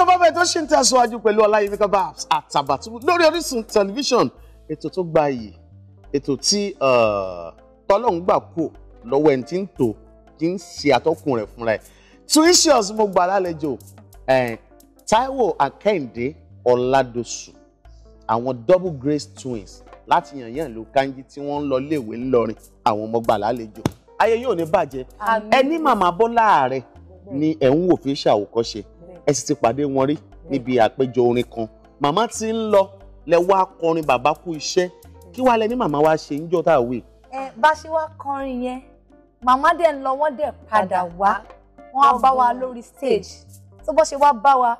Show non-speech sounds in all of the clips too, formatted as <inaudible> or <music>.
ètò bàbá ètò ṣì ń tẹ̀síwájú pẹ̀lú ọláyẹmíkà babs àtàbàtúbú lórí Orísun tẹlifíṣàn ètò tó gba iyì ètò tí uh, tọ́lọ́hún gbà kú lọ́wọ́ ẹni tí ń tò kí ń ṣe àtọ́kùn rẹ̀ fúnra ẹ̀ tuisius mo gbà lálejò eh, Táíwò Akẹ́hìndé Ọládọ̀sù àwọn double grace twins láti yànyàn ìlú kanji tí wọ́n ń lọ léèwé ńlọrin àwọn ọmọ gbà lálejò ayé yóò ní bàjẹ́ ẹni màmá bọ́lá rẹ̀ ni ẹ̀ ń wò fi ṣàwòkọ́ṣe ẹ sì ti pàdé wọn rí níbi àpéjọ orin kan màmá ti ń lọ lẹ wá kọrin bàbá kú iṣẹ́ kí wàá lẹ ní màmá wa ṣe ń jọ tá a wè. ẹ bá ṣe wá kọrin yẹn màmá dẹ̀ ń lọ wọ́n dẹ̀ padà wá wọ́n á bá wa lórí stage tó bọ́ ṣe wá bá wa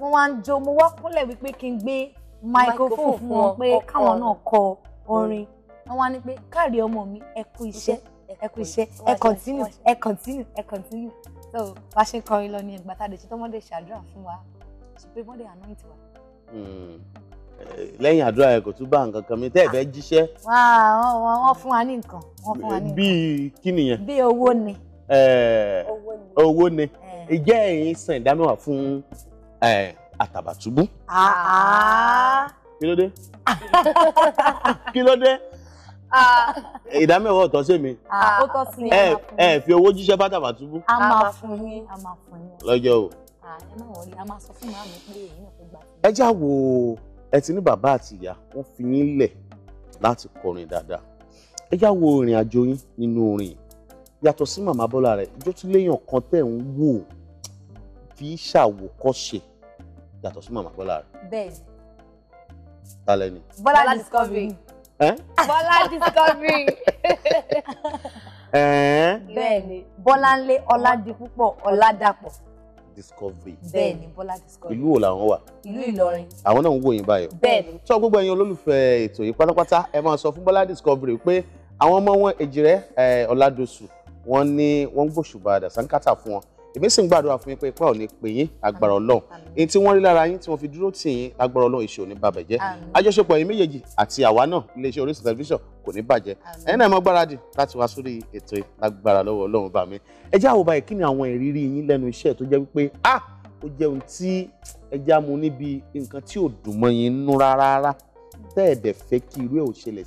wọ́n wá ń jó mo wá kúnlẹ̀ wípé kí n gbé microphone fún wọn pé káwọn náà kọ orin wọ́n wá ní pé káàrí ọmọ mi ẹ kú iṣẹ́ ẹ kú iṣẹ́ ẹ kọ̀ntínú ẹ kọ̀ntínú ẹ kọ̀ntínú so bá ṣe kọrin lọ ní ẹgbà tá a lè ṣe tọmọdé ṣàdúrà fún wa supreme mọdé anoint wa. Hmm. lẹ́yìn àdúrà ẹ̀ kò tún bá nǹkan kan mi tẹ́ ẹ̀ fẹ́ jíṣẹ́. wọ́n fún wa ní nǹkan wọ́n fún wa ní nǹkan. bíi kí nìyẹn. bíi owó ni. owó ni ìjẹ́ eh. ẹ̀yin san ìdámẹ́wàá fún Àtàbàtúbú. Ah, ah. kí ló dé? <laughs> kí ló dé? <laughs> ìdámẹ́wọ̀ ọ̀tọ̀ sí mi. Ah, ó tọ́ sí ẹ ẹ fi owó jíṣẹ́ bá tàbá túbú. a máa fún yín a máa fún yín. lọ́jọ́ o. Ah, ẹ má a máa sọ fún màmí pé èyí náà kò gbà. ẹ já wo ẹ ti ní bàbá àti ìyá wọn fi yín lẹ̀ láti kọrin dáadáa ẹ já wo ìrìn àjò yín nínú orin yàtọ̀ sí màmá bọ́lá rẹ̀ ijó tún léèyàn kan tẹ̀ ń wò fi ṣàwòkọ́ṣe yàtọ̀ sí màmá bọ́lá rẹ̀. bẹ́ẹ̀ ni. ta bọ́lá discovery. Bọ́lá discovery. Bẹ́ẹ̀ni Bọ́láńlé Ọládipúpọ̀ Ọládàpọ̀. Discovery. Bẹ́ẹ̀ni Bọ́lá discovery. Ìlú wo làwọn wà? Ìlú Ìlọrin. Àwọn náà ń wò yín báyọ̀. Bẹ́ẹ̀ni. Sọ gbogbo ẹ̀yin olólùfẹ́ ètò yìí pátápátá ẹ máa sọ fún Bọ́lá discovery pé àwọn ọmọ wọn Èjìrẹ́ Ọládòsù wọ́n ní wọ́n gbòṣùbà dàsánkátà fún wọn èmi sì ń gbàdúrà fún yín pé ipa ò ní pè yín agbára Ọlọ́run èyí tí wọ́n rí lára yín tí wọ́n fi dúró tì yín agbára Ọlọ́run ìṣe ò ní bàbẹ̀ jẹ́ àjọṣepọ̀ yín méjèèjì àti àwa náà iléeṣẹ́ Orísun tẹlifíṣàn kò ní bàjẹ́ ẹ̀yin náà mọ́ gbáradì láti wá sórí ètò agbára lọ́wọ́ Ọlọ́run bá mi ẹ jẹ́ àwòbá yìí kí ni àwọn ìrírí yín lẹ́nu iṣẹ́ tó jẹ́ wípé ah ó jẹ́ ohun tí ẹ já mu níbi nǹkan tí ò dùn mọ́ yín nú rárá tẹ́ẹ̀dẹ̀ fẹ́ kí irú ẹ̀ ò ṣẹlẹ̀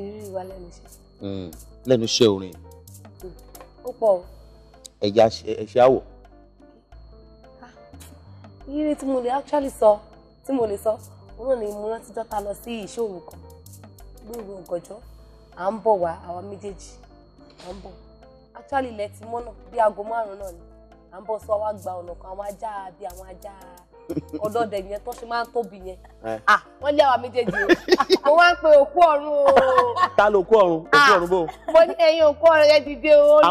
ìrírí wa lẹ́nu iṣẹ́. Mm. lẹ́nu iṣẹ́ orin. ó pọ̀ o. ẹ̀yà ẹ̀ṣẹ̀ àwọ̀. ìrírí tí mo lè actually sọ tí mo lè sọ òun náà ni mo rántí jọ́ta lọ sí ìṣòwò kan gbòòrò ọ̀gànjọ́ à ń bọ̀ wá àwa méjèèjì à ń bọ̀ actually ilẹ̀ ti mọ́nà bí aago márùn-ún náà ni à ń bọ̀ sọ wá gba ọ̀nà kan àwọn ajá bí àwọn ajá ọ̀dọ́dẹ yẹn tó ṣe máa ń tóbi yẹn wọ́n lé àwa méjèèjì o mo wá ń pe òkú ọ̀run o. ta ló òkú ọ̀run òkú ọ̀run bò. mo ní ẹyin òkú ọ̀run yẹn dìde o.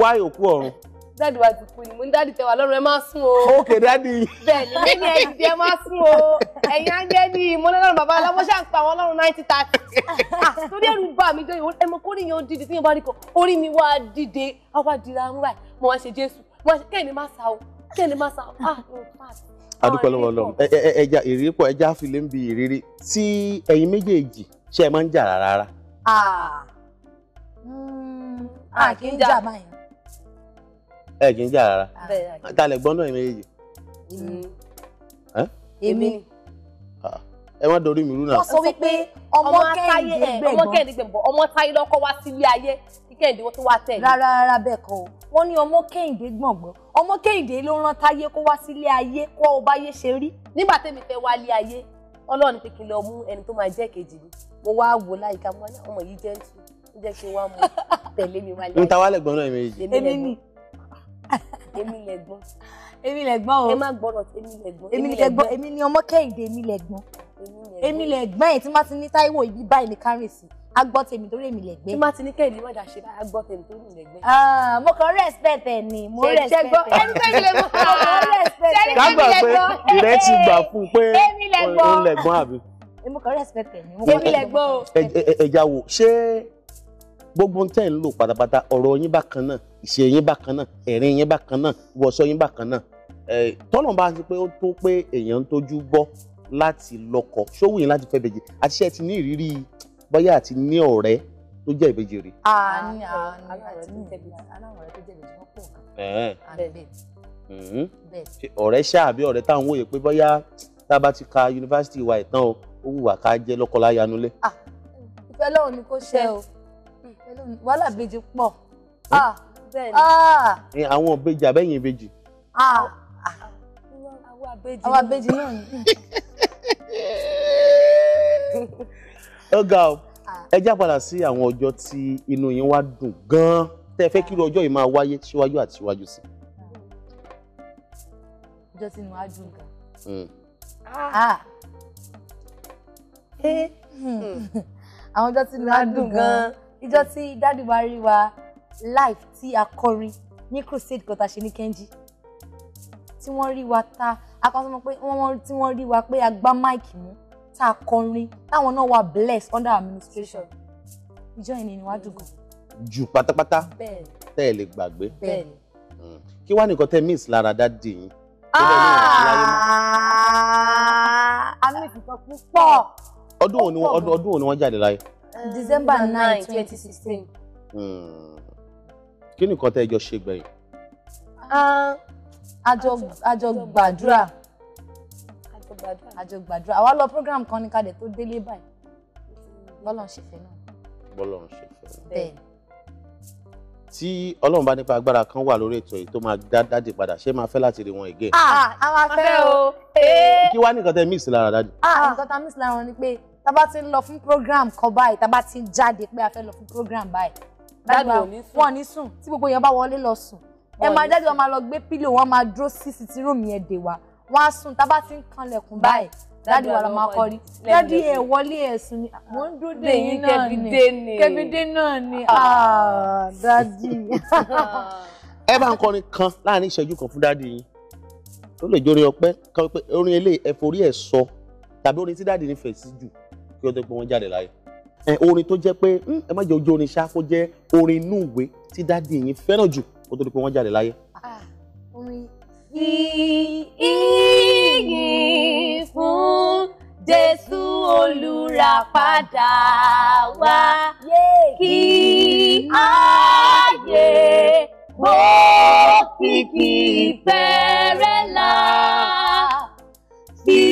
why òkú ọ̀run. dáàdì wa ti kú ni mo ní dáàdì tẹwà lọ́rùn ẹ máa sùn o. ok dáàdì. bẹ́ẹ̀ni mo ní ẹyin dìde ẹ máa sùn o ẹyin ángẹ́lì mo ní lọ́rùn bàbá aláwọ̀ ṣáà ń pa àwọn ọlọ́run ninety thirty. torí ẹ̀rù bá mi jọ ìwọ ẹmọ kórìí yẹn ó dìde tí yẹn bá rí kọ orí mi wá dìde á wá dìra mú báyìí mo wá ṣe jésù mo wá ṣe kéènì má sa o kẹ́lẹ́ máa sá ah adúpẹ́ ah, oh, oh, lọ́wọ́ lọ́wọ́ ẹja ìrírí pọ̀ ẹja fi lè ń bi ìrírí tí ẹ̀yin méjèèjì ṣe é máa ń jà rárá. Ah. Hmm, ah, a kì í jà báyìí. ẹ kì í jà rárá ta lè gbọ́n náà ẹ̀yin méjèèjì. Hmm. èmi ni ẹ má dorí mi rú náà. wọ́n sọ wípé ọmọ kẹ́hìndé gbẹ̀gbọ́n ọmọ kẹ́hìndé gbẹ̀gbọ́n ọmọ táyé lọ́kọ́ wá sílé ayé kí kẹ́hìndé tó wá tẹ̀lé. rárá rárá bẹ́ẹ̀ kọ́ wọ́n ní ọmọ kẹ́hìndé gbọ̀ngbọ́n ọmọ kẹ́hìndé ló rán táyé kó wá sílé ayé kó o báyé ṣe rí nígbà tẹ́mi fẹ́ wá lé ayé ọlọ́run pé kí n lọ mú ẹni tó máa jẹ́ kejì mi mo wá wò láyìíká mo ní ọmọ yìí jẹ́ ntú ó jẹ́ kí n wá mú tẹ̀lé mi wá lé ayé. n ta wá lẹ̀gbọ́n náà èmi yìí. èmi ni èmi lẹ̀gbọ́n. èmi lẹ̀gbọ́n o. ẹ má gbọ́dọ̀ èmi lẹ̀gbọ́n. èmi lẹ̀gbọ́n èmi ni ọmọ kẹ́hìndé èmi lẹ̀gbọ́n. èmi lẹ̀gbọ́n ẹ̀ tí wọ́n ti a gbọ́ tèmi torí èmi lẹ́gbẹ́. tí má ti ní kẹ́hìndé má dà ṣe báyìí a gbọ́ tèmi torí èmi lẹ́gbẹ́. Ah, mo kàn respect ẹ ni mo respect ẹ. ẹni pé mi lè mọ àwọn respect ẹ. dágbà pé ìrẹ́ ti gbà fún pé òun lẹ̀gbọ́n àbí. mo kàn respect ẹ ni mo kàn lẹ́gbọ́n o. ẹja wo ṣé gbogbo tẹ́ ń lò pátápátá ọ̀rọ̀ yín bákan náà ìṣe yín bákan náà ẹ̀rín yín bákan náà ìwọṣọ yín bákan náà tọ́nà bá ti pé ó tó pé èèyàn ń tójú bọ́ láti lọ́kọ ṣówù yín láti fẹ́ bèjì àti ṣe ti ní ìrírí bóyá àti ní ọ̀rẹ́ tó jẹ́ ìbejì rí. a ní àwọn àti ní ọ̀rẹ́ tó jẹ́ ìbejì wọ́n pọ̀ gan. Mm-hmm. ọ̀rẹ́ ṣáà àbí ọ̀rẹ́ táwọn wòye pé bóyá tá a bá ti ka yunifásitì wa ìtàn o ó wù wá ká jẹ́ lọ́kọláya nulẹ. ìfẹ́ lọ́hùn ni kò ṣe o wàhálà ìbejì pọ̀ bẹ́ẹ̀ni. àwọn ìbejì àbẹ́yìn ìbejì. àwọn ìbejì náà ni. <laughs> ó ga ọ ẹ já padà sí àwọn ọjọ́ tí inú yín wá dùn gan-an tẹ́ fẹ́ kí irú ọjọ́ yìí máa wáyé síwájú àti síwájú sí. ọjọ́ tí inú wa dùn gan hmm. ah. eh, hmm. àwọn ọjọ́ tí inú wa dùn gan ìjọ tí dádì wa rí wa live tí a kọrin ní crusade kan tá a ṣe ní Kẹ́ńjì tí wọ́n rí wa ta akọ́sọ́mọ pé tí wọ́n rí wa pé a gbá máìkì mú tá a kọrin táwọn náà wà blessed under administration ìjọ yẹn ni wàá dùn gan. jù pátápátá tẹ́ ẹ lè gbàgbé hmm. kí wàá nìkan tẹ́ miss lára dá dì yín. àmì ìfìtọ́ ah! púpọ̀. ọdún wo ni wọ́n ọdún wo ni wọ́n jáde láyé. Eh, December nine twenty sixteen. Hmm. kí nìkan tẹ́ ẹ jọ ṣe gbẹ̀yìn. Ah, a jọ gbàdúrà gbàdúrà. àjọ gbàdúrà àwa lọ program kan ní kadẹ tó délé báyìí bọ́lọ̀ ń ṣe fẹ́ náà. bọ́lọ̀ ń ṣe fẹ́ náà. bẹ́ẹ̀ tí ọlọ́run bá nípa agbára kan wà lórí ètò yìí tó máa dá dáàdì padà ṣé máa fẹ́ láti rí wọn again. Ah, a máa fẹ́ o. Eh. kí wá ní nǹkan tẹ mix lára dáàdì. Ah, nǹkan tá mix lára wọn ni pé tá bá ti ń lọ fún program kan báyìí tá bá ti ń jáde pé a fẹ́ lọ fún program báyìí. dáàdì wọn ní sùn tí gbogbo èèyàn bá wọlé lọ sùn. ẹ máa dáàdì wọn máa lọ gbé pílò wọn máa dúró wọ́n á sùn tá bá ti ń kanlẹ̀kùn báyìí dáàdi wa la máa kọrí dáàdi ẹ wọlé ẹsùn ni ah, mo ń dúró dé yín náà ni kẹbídé náà ni ah. Ah, dáàdi. ẹ bá ń kọrin kan láàrin ìṣẹ́jú kan fún dáàdi yín tó lè jórin ọpẹ́ kan pé orin eléyìí ẹ forí ẹ sọ tàbí orin tí dáàdi nífẹ̀ẹ́ sí jù kí ó tó pé wọ́n jáde láyé orin tó jẹ́ pé ẹ má jẹ́ ojú orin ṣá kó jẹ́ orin inú ìwé tí dáàdi yín fẹ́ràn jù kó tó di pé wọ́n jáde láyé sí ìyìn fún Jésù olùràpadà wá kí ayé gbókìkì fẹ́rẹ̀ là sí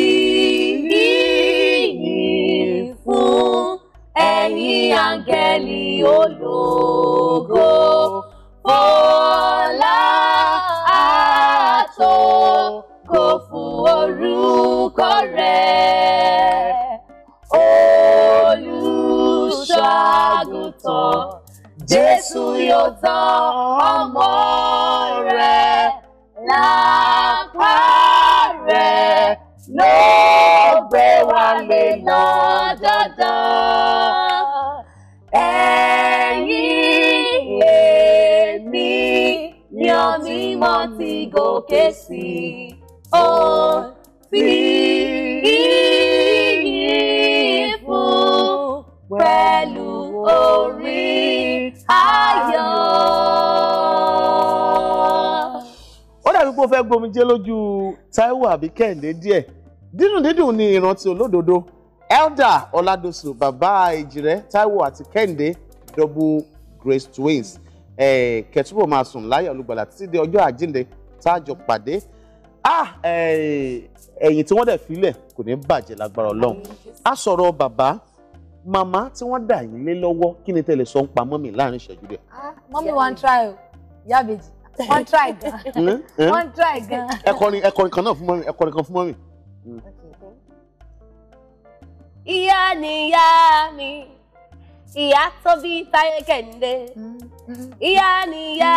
ìyìn fún ẹ̀yin áńgẹ́lì olùràpadà. ló gbé wálé lọ dandan. Ẹ̀yin èmi ni ọtí mọ́ ti gòkè sí ó fi yìnyín fún pẹ̀lú orin ayọ̀. ó dàbí pé ó fẹ́ gbomijé lójú Táíwò àbí Kẹ́hìndé díẹ̀ dídùn dídùn ni ìrántí olódodo elder Oladosu, Baba, ìjìrẹ Taiwo, àti kẹ́hìndé double grace twins kẹtùbọ máa sùn láyọ̀ olùgbàlà títí di ọjọ́ àjíǹde táàjọ pàdé ẹ̀yìn tí wọ́n dẹ̀ filẹ̀ kò ní bàjẹ́ lágbára Ọlọ́run a sọ̀rọ̀ bàbá màmá tí wọ́n dà yín lé lọ́wọ́ kí ni tẹ́lẹ̀ sọ ń pa mọ́mì láàrin ìṣẹ́jú dẹ̀. Ah, mọ́mì wọn ń try o yábejì wọ́n try gan. Hm? Hm? wọ́n try gan. ẹ̀kọrin ẹ̀kọrin kan náà fún mọ́mì ẹ̀kọrin kan fún mọ́mì. Mm. Ìyá nìyá mi, ìyá tó bí Táyé Kẹ́hìndé. Mm-hmm. Ìyá nìyá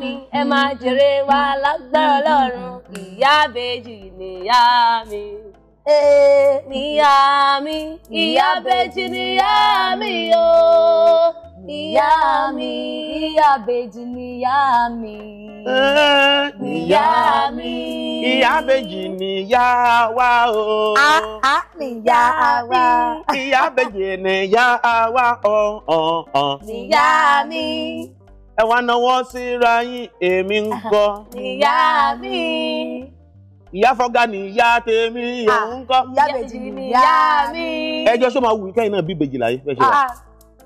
mi, ẹ máa mm-hmm. jèrè wa lágbára Ọlọ́run. Mm-hmm. Ìyá bèjì nìyá mi. Ee, eh. nìyá mi, ìyá bèjì nìyá mi ooo. ìyá mi ìyá bèjì níyá mi. níyá eh, mi ìyá bèjì níyá wa o. a níyá wa. ìyá bèjì níyá wa o. yín èmi ń kọ́. níyá mi ìyá fọ́gá ni ìyá tèmi òun kọ́. ìyá bèjì ni ìyá mi. ẹ sọ ma wù kẹ́yìn náà bí bèjì láyé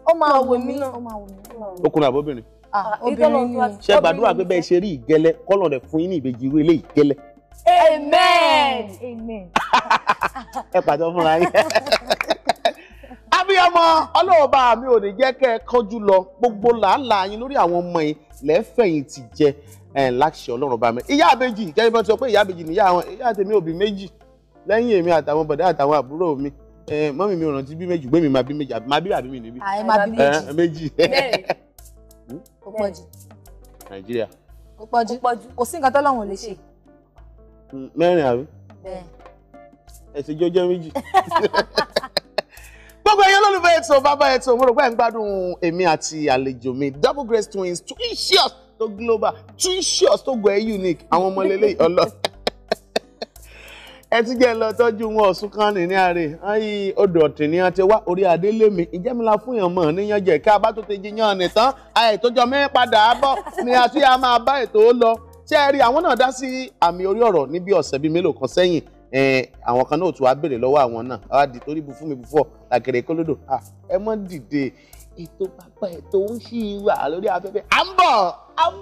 ó máa wù mí ó máa wù mí. okùnrin àbóbìnrin obìnrin ah, ah, ni ṣe gbàdúrà pé bẹ́ẹ̀ ṣe rí ìgẹ́lẹ́ kọ́lọ̀ rẹ̀ fún yín ní ìbejì irú ilé ìgẹ́lẹ́. amen amen. ẹ pàtó fúnra yín. abiyamọ ọlọ́ọ̀bá mi ò ní jẹ́ kẹ́ ẹ kánjú lọ gbogbo làálàá yín lórí àwọn ọmọ yín lẹ́fẹ̀yìntì jẹ láṣẹ ọlọ́run bá mi. ìyá àbejì gẹ́gẹ́ bí wọ́n ti sọ pé ìyá àbejì ni ìyá àwọn ìyá àtẹ̀mí òbí méjì lẹ́yìn èmi àtàwọn bọ̀dá àtàwọn àbúrò mi ẹ eh, mọ́mí mi ò rántí bí méjì gbé mi máa bí méjì máa bí àbí mi níbí. àyè máa bí eh, méjì méjì. bẹ́ẹ̀ hmm? kò pọ̀ jù. nàìjíríà. kò pọ̀ jù kò sí nǹkan tọ́lọ́run ò lè ṣe. Hmm, mẹ́rin àbí. bẹ́ẹ̀. ẹ̀sìn jọ jẹ́ méjì <laughs> gbogbo ẹyẹ lólùfẹ́ ètò bàbá ètò mo rò pé ẹ̀ ń gbádùn èmi àti àlejò mi double grace twins twin shots tó global twin shots tó go ẹ́ unique àwọn ọmọ lélẹ́yìí ọlọ́ọ̀ ẹ ti jẹ́ lọ tọ́jú wọn ọ̀sùn kan nìní àárẹ ayé odò ọ̀tìn ni a ti wá orí adélémi ìjẹ́mìlá fún yàn mọ̀ níyàn jẹ́ ká bá tó ti jiyàn nìtàn àìtójọ mẹ́rin padà bọ̀ ni a ti máa bá ètò ó lọ ṣé ẹ rí àwọn náà dá sí àmì orí ọ̀rọ̀ ní bí ọ̀sẹ̀ bíi mélòó kan sẹ́yìn àwọn kan náà tún wá béèrè lọ́wọ́ àwọn náà á di torí bu fún mi bufọ́ làkèrè kólódò ẹ mọ́ dìde ètò bàbá ètò ń